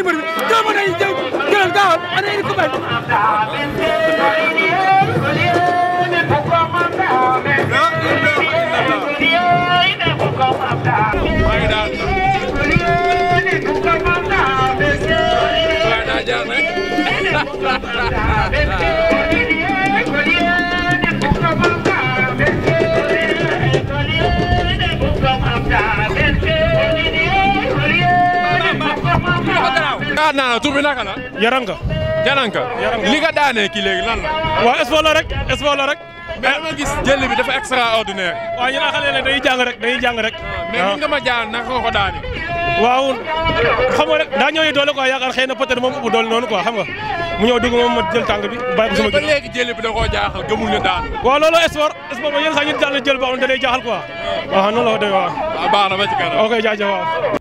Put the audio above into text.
bàyyi mbër mi doo mën a jël jëlal gaawal ana indi ko bàyyi Yeah. yaakaar naa ne tur bi naka la. Yaranka. Yaranka li nga daanee kii lan la. waaw espoir la rek espoir la rek. mais dama gis jël bi dafa extraordinaire. waaw ñu naan xale ne dañuy jàng rek dañuy jàng rek. mais ni nga ma jaan naka nga ko daanee. waaw xam nga rek daa ñëwee doole quoi yaakaar xëy na peut-être moom ëpp doole noonu quoi xam nga mu ñëw dugg moom ma jël tàng bi bàyyi ko sama ba léegi jël bi da koo jaaxal gëmul ne daan. jël boo xam ne da jaaxal quoi. waaw noonu la ko déggee waaw. Ah, waaw